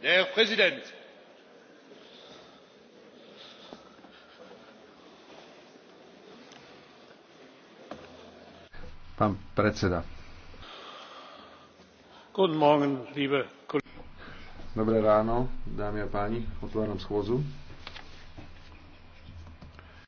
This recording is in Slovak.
herr präsident! pán predseda dobré ráno dámy a páni otváram schôdzu.